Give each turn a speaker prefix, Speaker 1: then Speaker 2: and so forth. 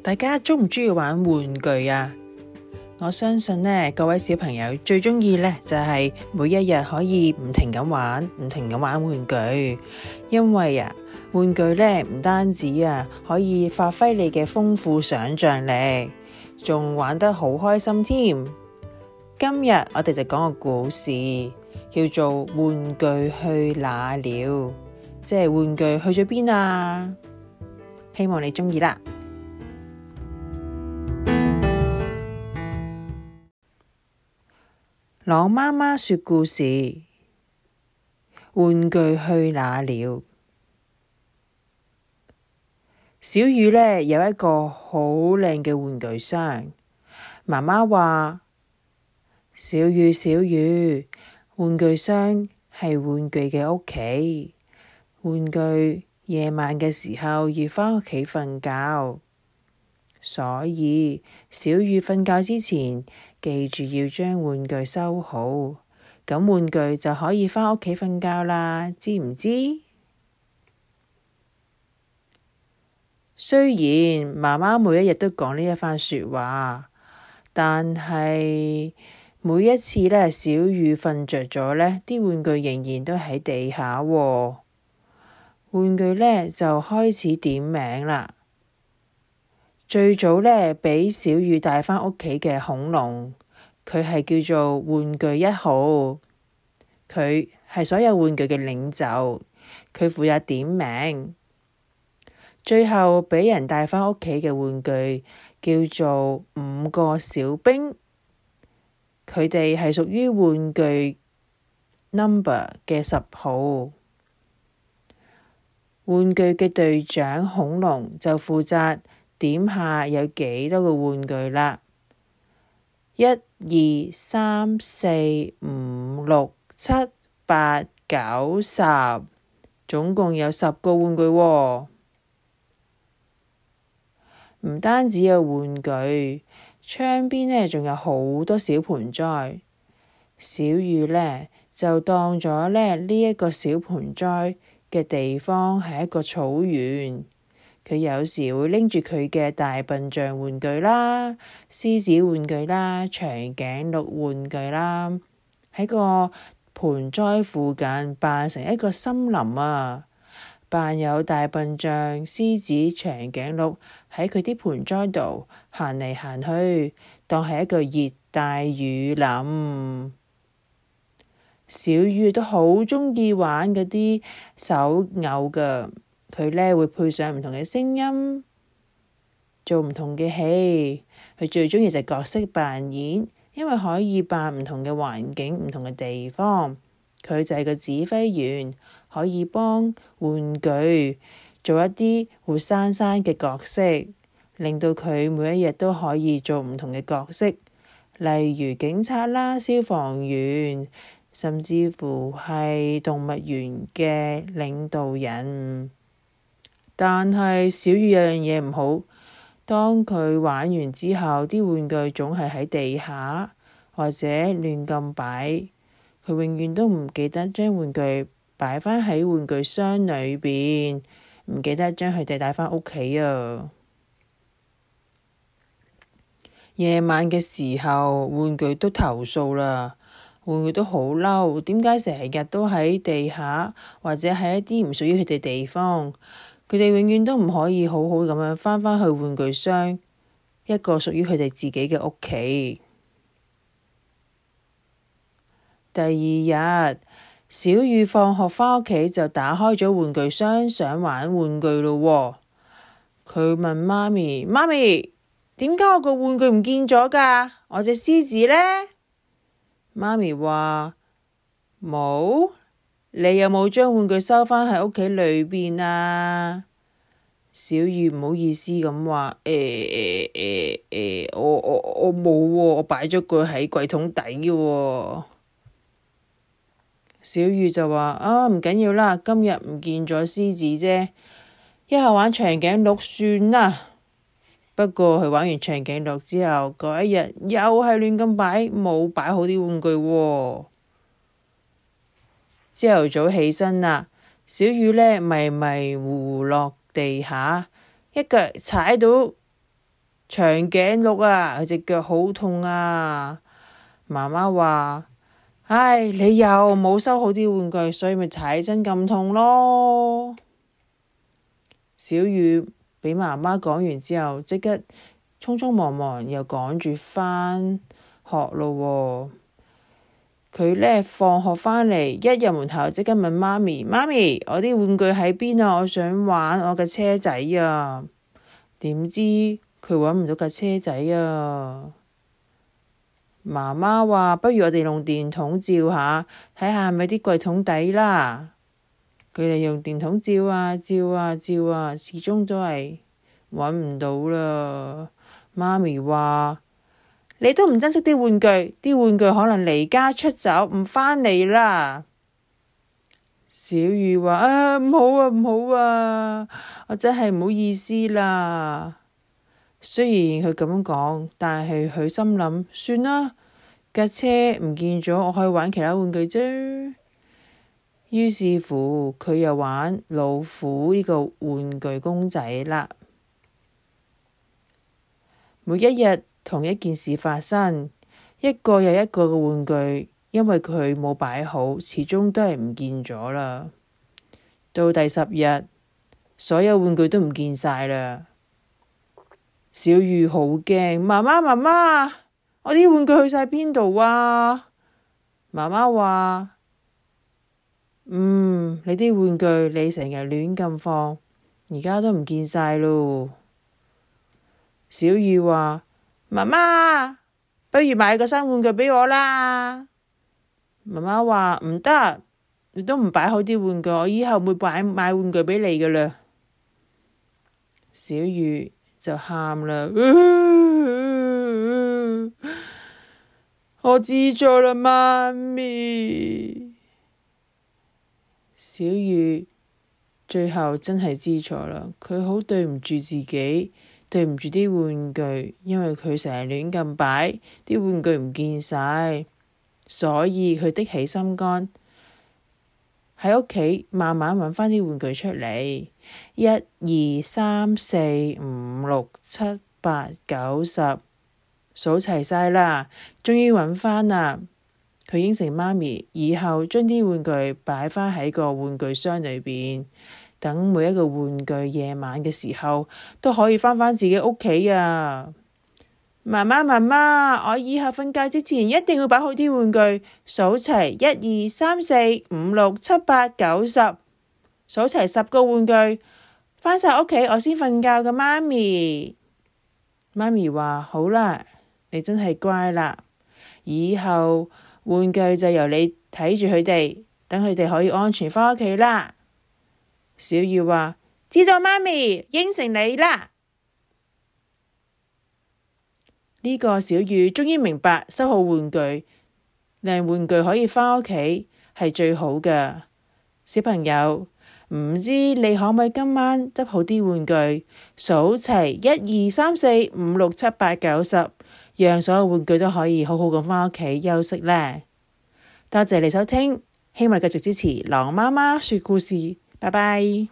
Speaker 1: 大家鍾唔鍾意玩玩具啊？我相信呢，各位小朋友最鍾意呢，就係每一日可以唔停咁玩，唔停咁玩玩具，因為啊，玩具呢，唔單止啊可以發揮你嘅豐富想象力，仲玩得好開心添。今日我哋就講個故事，叫做《玩具去哪了》，即係玩具去咗邊啊？希望你鍾意啦。老媽媽說故事：玩具去哪了？小雨呢，有一個好靚嘅玩具箱。媽媽話：小雨，小雨，玩具箱係玩具嘅屋企。玩具夜晚嘅時候要返屋企瞓覺，所以小雨瞓覺之前。記住要將玩具收好，咁玩具就可以返屋企瞓覺啦，知唔知？雖然媽媽每一日都講呢一番說話，但係每一次呢，小雨瞓着咗呢啲玩具仍然都喺地下，玩具呢，就開始點名啦。最早呢，畀小雨帶返屋企嘅恐龍，佢係叫做玩具一號，佢係所有玩具嘅領袖，佢負責點名。最後畀人帶返屋企嘅玩具，叫做五個小兵，佢哋係屬於玩具 number 嘅十號。玩具嘅隊長恐龍就負責。點下有幾多個玩具啦？一、二、三、四、五、六、七、八、九、十，總共有十個玩具喎。唔單止有玩具，窗邊呢，仲有好多小盆栽。小雨呢，就當咗咧呢一個小盆栽嘅地方係一個草原。佢有時會拎住佢嘅大笨象玩具啦、獅子玩具啦、長頸鹿玩具啦，喺個盆栽附近扮成一個森林啊！扮有大笨象、獅子、長頸鹿喺佢啲盆栽度行嚟行去，當係一個熱帶雨林。小雨都好鍾意玩嗰啲手偶㗎。佢呢會配上唔同嘅聲音，做唔同嘅戲。佢最鍾意就係角色扮演，因為可以扮唔同嘅環境、唔同嘅地方。佢就係個指揮員，可以幫玩具做一啲活生生嘅角色，令到佢每一日都可以做唔同嘅角色，例如警察啦、消防員，甚至乎係動物園嘅領導人。但係小雨有樣嘢唔好，當佢玩完之後，啲玩具總係喺地下或者亂咁擺，佢永遠都唔記得將玩具擺返喺玩具箱裏邊，唔記得將佢哋帶返屋企啊！夜晚嘅時候，玩具都投訴啦，玩具都好嬲，點解成日都喺地下或者喺一啲唔屬於佢哋地方？佢哋永遠都唔可以好好咁樣返返去玩具箱，一個屬於佢哋自己嘅屋企。第二日，小雨放學返屋企就打開咗玩具箱，想玩玩具咯，哦。佢問媽咪，媽咪，點解我個玩具唔見咗噶？我隻獅子呢？媽」媽咪話冇。你有冇將玩具收返喺屋企裏邊啊？小雨唔好意思咁話，誒誒誒誒，我我我冇喎，我擺咗佢喺櫃桶底嘅喎。小雨就話啊，唔緊要啦，今日唔見咗獅子啫，一係玩長頸鹿算啦。不過佢玩完長頸鹿之後，嗰一日又係亂咁擺，冇擺好啲玩具喎。朝頭早起身啦，小雨呢迷迷糊糊，落地下，一腳踩到長頸鹿啊，佢隻腳好痛啊！媽媽話：唉，你又冇收好啲玩具，所以咪踩親咁痛咯。小雨畀媽媽講完之後，即刻匆匆忙忙又趕住返學咯。佢咧放學返嚟，一入門口即刻問媽咪：媽咪，我啲玩具喺邊啊？我想玩我嘅車仔啊！點知佢揾唔到架車仔啊。媽媽話：不如我哋用電筒照下，睇下係咪啲櫃桶底啦。佢哋用電筒照啊照啊照啊，始終都係揾唔到啦。媽咪話。你都唔珍惜啲玩具，啲玩具可能離家出走，唔返嚟啦。小雨話：啊，唔好啊，唔好啊，我真係唔好意思啦。雖然佢咁樣講，但係佢心諗：算啦，架車唔見咗，我可以玩其他玩具啫。於是乎，佢又玩老虎呢個玩具公仔啦。每一日。同一件事發生，一個又一個嘅玩具，因為佢冇擺好，始終都係唔見咗啦。到第十日，所有玩具都唔見晒啦。小雨好驚，媽媽，媽媽，我啲玩具去晒邊度啊？媽媽話：嗯，你啲玩具你成日亂咁放，而家都唔見晒咯。小雨話。媽媽，不如買個新玩具畀我啦。媽媽話，唔得，你都唔擺好啲玩具，我以後唔會擺買、買玩具畀你㗎啦。小雨就，就喊啦，我知錯啦，媽咪。小雨，最後真係知錯啦，佢好對唔住自己。對唔住啲玩具，因為佢成日亂咁擺，啲玩具唔見晒，所以佢的起心肝，喺屋企慢慢揾翻啲玩具出嚟。一二三四五六七八九十，數齊晒啦，終於揾翻啦！佢應承媽咪，以後將啲玩具擺翻喺個玩具箱裏邊。等每一個玩具夜晚嘅時候，都可以返返自己屋企啊！媽媽媽媽，我以後瞓覺之前一定要擺好啲玩具，數齊一二三四五六七八九十，數齊十個玩具，返晒屋企我先瞓覺嘅。媽咪，媽咪話好啦，你真係乖啦！以後玩具就由你睇住佢哋，等佢哋可以安全返屋企啦。小雨話：知道媽咪應承你啦。呢個小雨終於明白，收好玩具，令玩具可以返屋企係最好㗎。小朋友，唔知你可唔可以今晚執好啲玩具，數齊一二三四五六七八九十，讓所有玩具都可以好好咁返屋企休息呢？多謝你收聽，希望繼續支持《狼媽媽說故事》。拜拜。